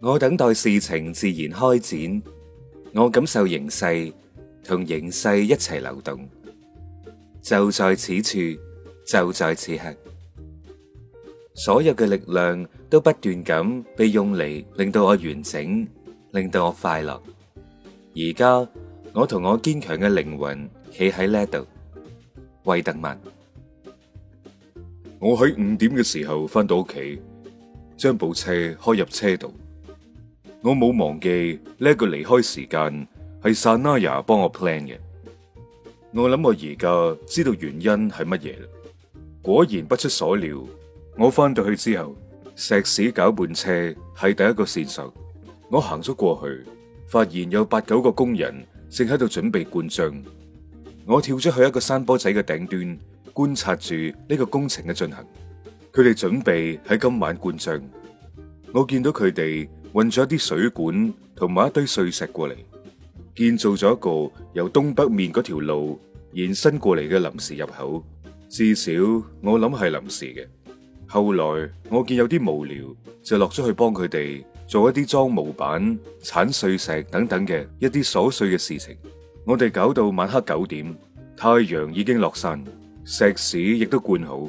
我等待事情自然開展，我感受形勢同形勢一齊流動，就在此處，就在此刻，所有嘅力量都不斷咁被用嚟，令到我完整，令到我快樂。而家我同我堅強嘅靈魂企喺呢度，惠特曼。我喺五點嘅時候返到屋企，將部車開入車道。我冇忘記呢個離開時間係 Sanaya 幫我 plan 嘅。我諗我而家知道原因係乜嘢啦。果然不出所料，我翻到去之後，石屎攪拌車係第一個線索。我行咗過，過去，發現有八九個工人正喺度準備灌漿。我跳咗去一個山坡仔嘅頂端，觀察住呢個工程嘅進行。佢哋準備喺今晚灌漿。我見到佢哋。運咗一啲水管同埋一堆碎石過嚟，建造咗一個由東北面嗰條路延伸過嚟嘅臨時入口。至少我諗係臨時嘅。後來我見有啲無聊，就落咗去幫佢哋做一啲裝模板、鏟碎石等等嘅一啲瑣碎嘅事情。我哋搞到晚黑九點，太陽已經落山，石屎亦都灌好。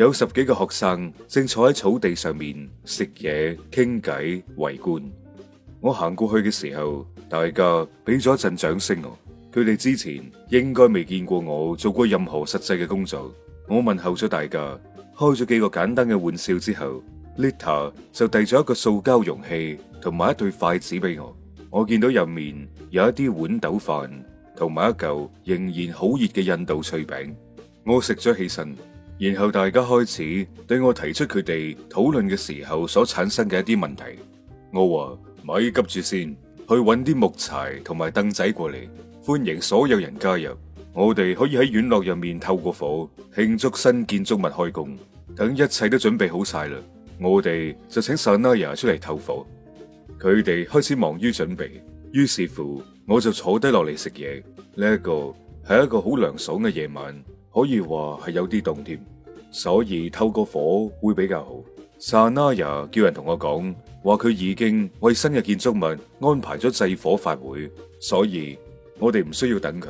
有十幾個學生正坐喺草地上面食嘢、傾偈、圍觀。我行過去嘅時候，大家俾咗一陣掌聲我、啊。佢哋之前應該未見過我做過任何實際嘅工作。我問候咗大家，開咗幾個簡單嘅玩笑之後，Lita 就遞咗一個塑膠容器同埋一對筷子俾我。我見到入面有一啲豌豆飯同埋一嚿仍然好熱嘅印度脆餅。我食咗起身。然後大家開始對我提出佢哋討論嘅時候所產生嘅一啲問題。我話咪急住先，去揾啲木柴同埋凳仔過嚟，歡迎所有人加入。我哋可以喺院落入面透過火慶祝新建築物開工。等一切都準備好晒啦，我哋就請薩尼亞出嚟透火。佢哋開始忙於準備，於是乎我就坐低落嚟食嘢。呢、這個、一個係一個好涼爽嘅夜晚。可以話係有啲凍添，所以透過火會比較好。Sanaya 叫人同我講，話佢已經為新嘅建築物安排咗祭火法會，所以我哋唔需要等佢。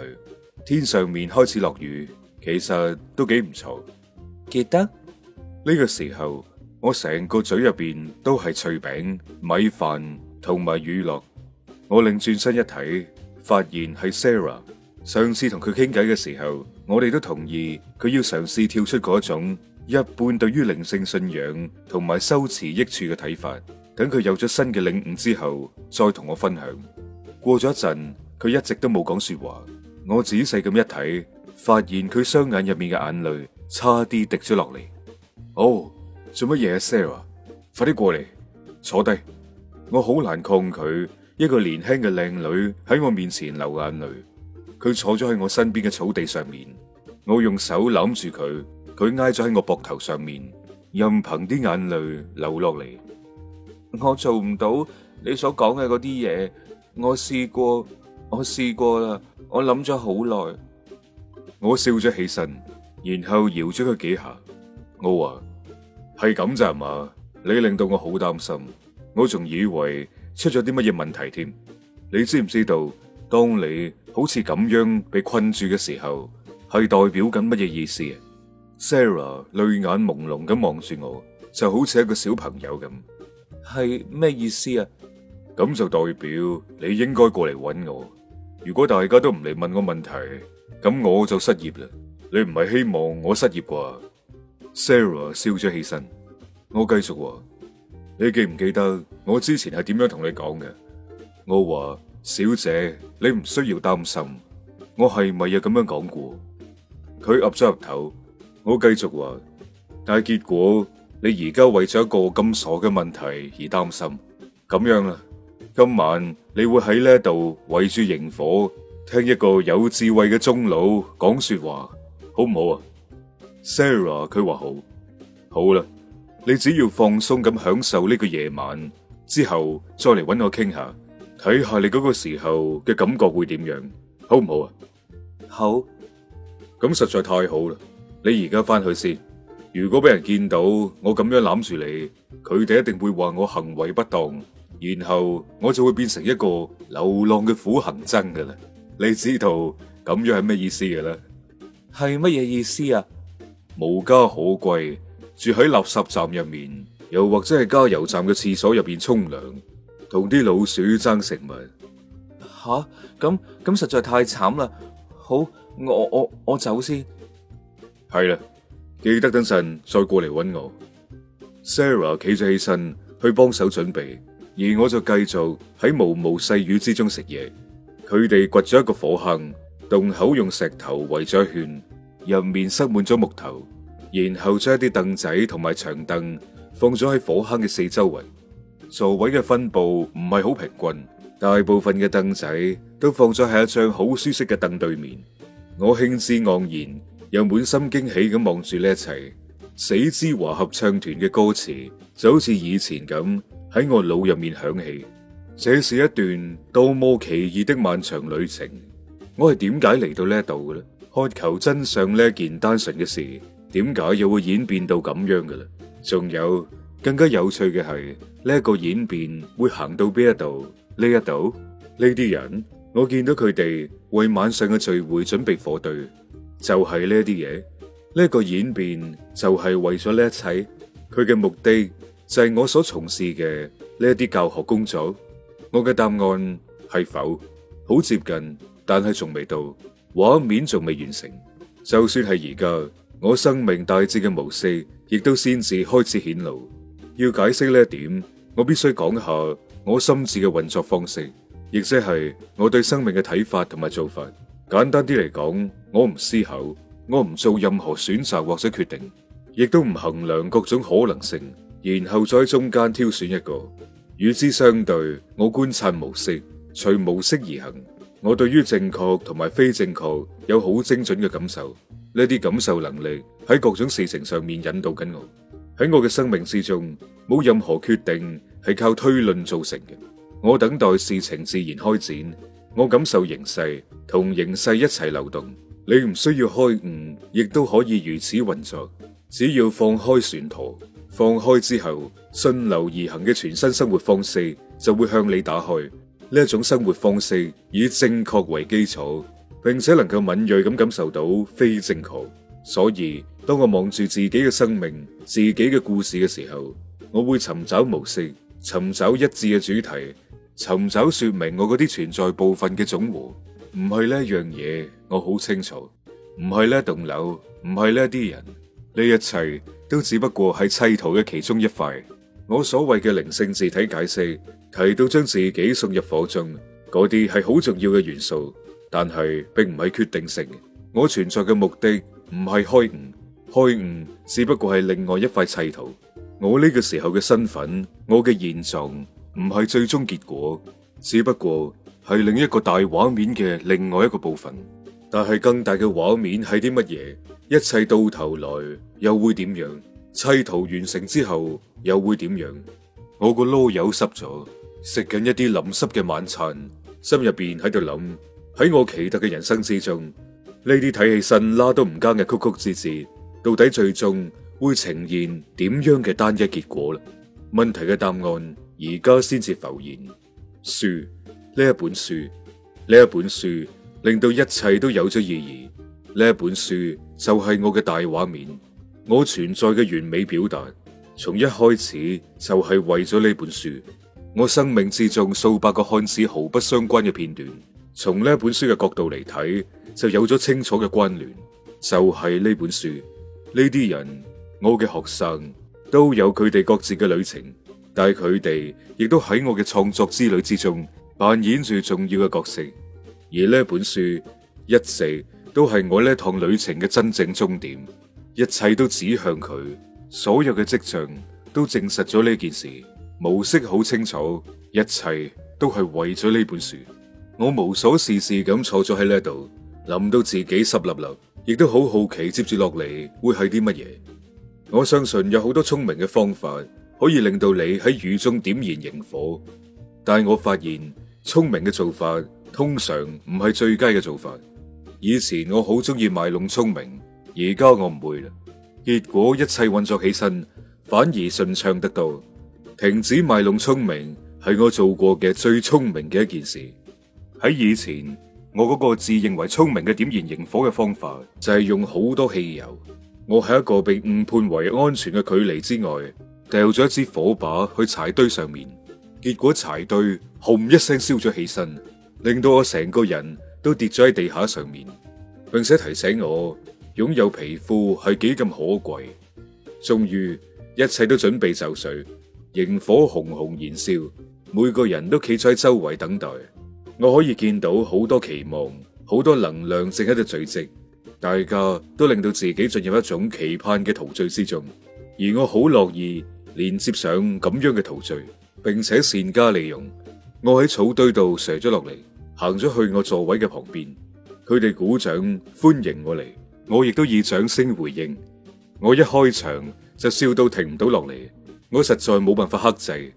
天上面開始落雨，其實都幾唔錯。記得呢個時候，我成個嘴入邊都係脆餅、米飯同埋乳酪。我擰轉身一睇，發現係 Sarah。上次同佢傾偈嘅時候，我哋都同意佢要嘗試跳出嗰種一般對於靈性信仰同埋修持益處嘅睇法。等佢有咗新嘅領悟之後，再同我分享。過咗一陣，佢一直都冇講說話。我仔細咁一睇，發現佢雙眼入面嘅眼淚差啲滴咗落嚟。哦，做乜嘢，Sarah？快啲過嚟，坐低。我好難抗拒一個年輕嘅靚女喺我面前流眼淚。佢坐咗喺我身邊嘅草地上面，我用手攬住佢，佢挨咗喺我膊頭上面，任憑啲眼淚流落嚟。我做唔到你所講嘅嗰啲嘢，我試過，我試過啦，我諗咗好耐。我，我笑咗起身，然後搖咗佢幾下，我話，係咁咋嘛？你令到我好擔心，我仲以為出咗啲乜嘢問題添。你知唔知道，當你……好似咁樣被困住嘅時候，係代表緊乜嘢意思啊？Sarah 淚眼朦朧咁望住我，就好似一個小朋友咁，係咩意思啊？咁就代表你應該過嚟揾我。如果大家都唔嚟問我問題，咁我就失業啦。你唔係希望我失業啩？Sarah 笑咗起身，我繼續話：你記唔記得我之前係點樣同你講嘅？我話。小姐，你唔需要擔心，我係咪有咁樣講過？佢岌咗岌頭，我繼續話，但係結果你而家為咗一個咁傻嘅問題而擔心，咁樣啦。今晚你會喺呢一度圍住營火，聽一個有智慧嘅中老講說話，好唔好啊？Sarah，佢話好，好啦，你只要放鬆咁享受呢個夜晚，之後再嚟揾我傾下。睇下你嗰個時候嘅感覺會點樣，好唔好啊？好，咁實在太好啦！你而家翻去先，如果俾人見到我咁樣攬住你，佢哋一定會話我行為不當，然後我就會變成一個流浪嘅苦行僧噶啦。你知道咁樣係咩意思嘅啦？係乜嘢意思啊？無家可歸，住喺垃圾站入面，又或者係加油站嘅廁所入邊沖涼，同啲老鼠爭食物，吓，咁咁實在太慘啦！好，我我我，我先走先。係啦，記得等陣再過嚟揾我。Sarah 企咗起身去幫手準備，而我就繼續喺毛毛細雨之中食嘢。佢哋掘咗一個火坑，洞口用石頭圍咗一圈，入面塞滿咗木頭，然後將一啲凳仔同埋長凳放咗喺火坑嘅四周圍。座位嘅分布唔係好平均，大部分嘅凳仔都放咗喺一張好舒適嘅凳對面。我興致盎然又滿心驚喜咁望住呢一切，死之華合唱團嘅歌詞就好似以前咁喺我腦入面響起。這是一段多麼奇異的漫長旅程。我係點解嚟到呢一度嘅咧？渴求真相呢一件單純嘅事，點解又會演變到咁樣嘅咧？仲有。更加有趣嘅係呢一個演變會行到邊一度呢一度呢啲人，我見到佢哋為晚上嘅聚會準備火堆，就係呢一啲嘢。呢一個演變就係為咗呢一切，佢嘅目的就係我所從事嘅呢一啲教學工作。我嘅答案係否好接近，但係仲未到畫面，仲未完成。就算係而家，我生命大致嘅模式亦都先至開始顯露。要解釋呢一點，我必須講下我心智嘅運作方式，亦即係我對生命嘅睇法同埋做法。簡單啲嚟講，我唔思考，我唔做任何選擇或者決定，亦都唔衡量各種可能性，然後再喺中間挑選一個。與之相對，我觀察模式，隨模式而行。我對於正確同埋非正確有好精準嘅感受，呢啲感受能力喺各種事情上面引導緊我。喺我嘅生命之中，冇任何決定係靠推論造成嘅。我等待事情自然開展，我感受形勢，同形勢一齊流動。你唔需要開悟，亦都可以如此運作。只要放開船舵，放開之後順流而行嘅全新生活方式就會向你打開。呢一種生活方式以正確為基礎，並且能夠敏銳咁感受到非正確。所以，當我望住自己嘅生命，自己嘅故事嘅時候，我會尋找模式，尋找一致嘅主題，尋找說明我嗰啲存在部分嘅總和。唔係呢一樣嘢，我好清楚，唔係呢一棟樓，唔係呢啲人，呢一切都只不過係砌圖嘅其中一塊。我所謂嘅靈性字體解釋提到將自己送入火中，嗰啲係好重要嘅元素，但係並唔係決定性。我存在嘅目的。唔係開悟，開悟只不過係另外一塊砌圖。我呢個時候嘅身份，我嘅現狀，唔係最終結果，只不過係另一個大畫面嘅另外一個部分。但係更大嘅畫面係啲乜嘢？一切到頭來又會點樣？砌圖完成之後又會點樣？我個籮柚濕咗，食緊一啲淋濕嘅晚餐，心入邊喺度諗，喺我奇特嘅人生之中。呢啲睇起身啦都唔加嘅曲曲折折，到底最終會呈現點樣嘅單一結果呢？問題嘅答案而家先至浮現。書，呢一本書，呢一本書令到一切都有咗意義。呢一本書就係我嘅大畫面，我存在嘅完美表達。從一開始就係為咗呢本書，我生命之中數百個看似毫不相關嘅片段，從呢一本書嘅角度嚟睇。就有咗清楚嘅關聯，就係呢本書。呢啲人，我嘅學生都有佢哋各自嘅旅程，但係佢哋亦都喺我嘅創作之旅之中扮演住重要嘅角色。而呢本書一直都係我呢趟旅程嘅真正終點，一切都指向佢，所有嘅跡象都證實咗呢件事，模式好清楚，一切都係為咗呢本書。我無所事事咁坐咗喺呢度。諗到自己濕立立，亦都好好奇，接住落嚟會係啲乜嘢？我相信有好多聰明嘅方法可以令到你喺雨中點燃營火，但係我發現聰明嘅做法通常唔係最佳嘅做法。以前我好中意賣弄聰明，而家我唔會啦。結果一切運作起身反而順暢得多。停止賣弄聰明係我做過嘅最聰明嘅一件事。喺以前。我嗰個自認為聰明嘅點燃營火嘅方法就係用好多汽油。我喺一個被誤判為安全嘅距離之外，掉咗一支火把去柴堆上面，結果柴堆轟一聲燒咗起身，令到我成個人都跌咗喺地下上面，並且提醒我擁有皮膚係幾咁可貴。終於一切都準備就緒，營火熊熊燃燒，每個人都企咗喺周圍等待。我可以見到好多期望，好多能量正喺度聚積，大家都令到自己進入一種期盼嘅陶醉之中，而我好樂意連接上咁樣嘅陶醉，並且善加利用。我喺草堆度射咗落嚟，行咗去我座位嘅旁邊，佢哋鼓掌歡迎我嚟，我亦都以掌聲回應。我一開場就笑到停唔到落嚟，我實在冇辦法克制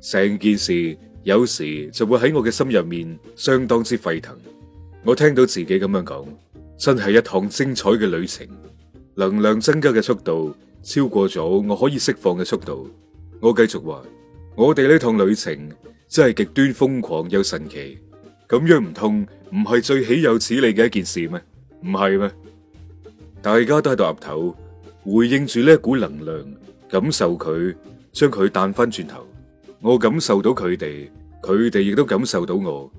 成件事。有時就會喺我嘅心入面相當之沸騰，我聽到自己咁樣講，真係一趟精彩嘅旅程，能量增加嘅速度超過咗我可以釋放嘅速度。我繼續話，我哋呢趟旅程真係極端瘋狂又神奇，咁樣唔通唔係最豈有此理嘅一件事咩？唔係咩？大家都喺度岌頭回應住呢一股能量，感受佢，將佢彈翻轉頭。我感受到佢哋，佢哋亦都感受到我，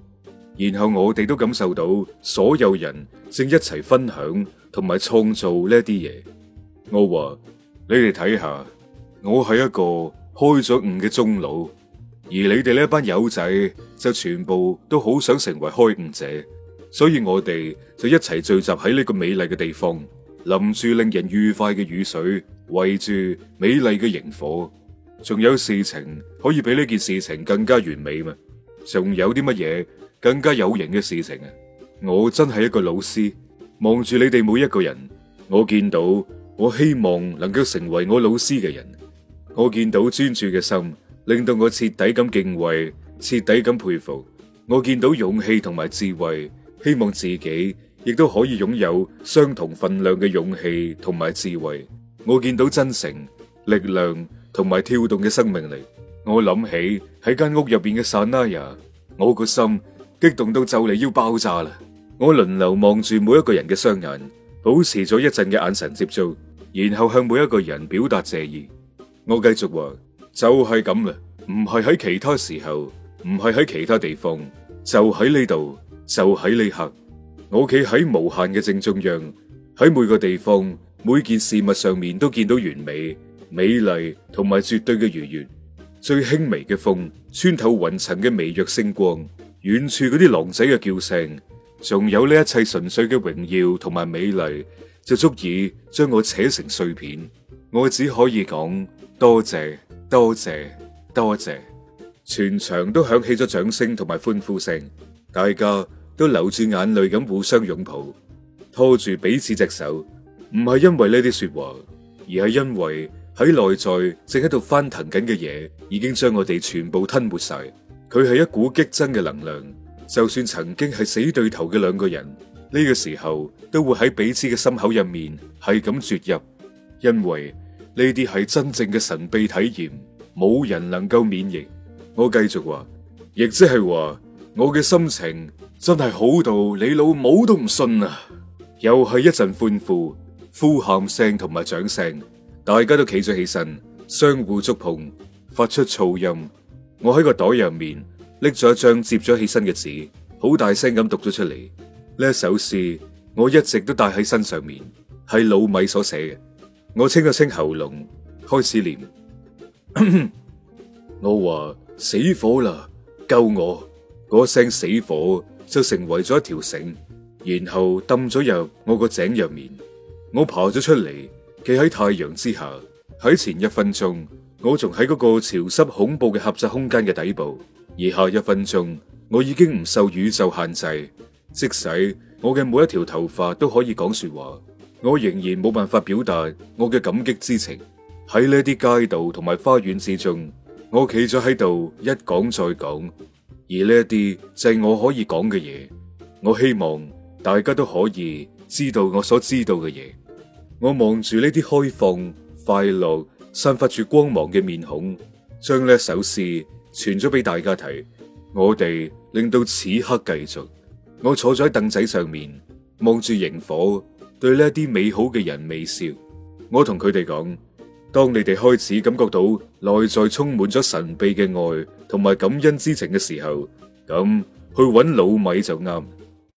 然後我哋都感受到所有人正一齊分享同埋創造呢啲嘢。我話，你哋睇下，我係一個開咗悟嘅中佬，而你哋呢班友仔就全部都好想成為開悟者，所以我哋就一齊聚集喺呢個美麗嘅地方，淋住令人愉快嘅雨水，圍住美麗嘅營火。仲有事情可以比呢件事情更加完美咩？仲有啲乜嘢更加有型嘅事情啊？我真係一個老師，望住你哋每一個人，我見到，我希望能夠成為我老師嘅人，我見到專注嘅心，令到我徹底咁敬畏，徹底咁佩服，我見到勇氣同埋智慧，希望自己亦都可以擁有相同分量嘅勇氣同埋智慧，我見到真誠力量。同埋跳動嘅生命力，我諗起喺間屋入邊嘅 Sanaya，我個心激動到就嚟要爆炸啦！我輪流望住每一個人嘅雙眼，保持咗一陣嘅眼神接觸，然後向每一個人表達謝意。我繼續話：就係咁啦，唔係喺其他時候，唔係喺其他地方，就喺呢度，就喺呢刻。我企喺無限嘅正中央，喺每個地方、每件事物上面都見到完美。美麗同埋絕對嘅愉悅，最輕微嘅風穿透雲層嘅微弱星光，遠處嗰啲狼仔嘅叫聲，仲有呢一切純粹嘅榮耀同埋美麗，就足以將我扯成碎片。我只可以講多謝多謝多謝，全場都響起咗掌聲同埋歡呼聲，大家都流住眼淚，咁互相擁抱，拖住彼此隻手，唔係因為呢啲說話，而係因為。喺內在，內在正喺度翻騰緊嘅嘢，已經將我哋全部吞沒晒。佢係一股激增嘅能量，就算曾經係死對頭嘅兩個人，呢、這個時候都會喺彼此嘅心口入面係咁注入，因為呢啲係真正嘅神秘體驗，冇人能夠免疫。我繼續話，亦即係話，我嘅心情真係好到你老母都唔信啊！又係一陣歡呼、呼喊聲同埋掌聲。大家都企咗起身，相互觸碰，發出噪音。我喺個袋入面拎咗一張折咗起身嘅紙，好大聲咁讀咗出嚟。呢一首詩我一直都帶喺身上面，係老米所寫嘅。我清一清喉嚨，開始念。 我話死火啦，救我！嗰聲死火就成為咗一條繩，然後掟咗入我個井入面。我爬咗出嚟。企喺太陽之下，喺前一分鐘，我仲喺嗰個潮濕恐怖嘅狹窄空間嘅底部；而下一分鐘，我已經唔受宇宙限制，即使我嘅每一條頭髮都可以講說話，我仍然冇辦法表達我嘅感激之情。喺呢啲街道同埋花園之中，我企咗喺度一講再講，而呢一啲就係我可以講嘅嘢。我希望大家都可以知道我所知道嘅嘢。我望住呢啲開放、快樂、散發住光芒嘅面孔，將呢首詩傳咗俾大家睇。我哋令到此刻繼續。我坐在凳仔上面，望住螢火，對呢啲美好嘅人微笑。我同佢哋講：當你哋開始感覺到內在充滿咗神秘嘅愛同埋感恩之情嘅時候，咁去搵老米就啱。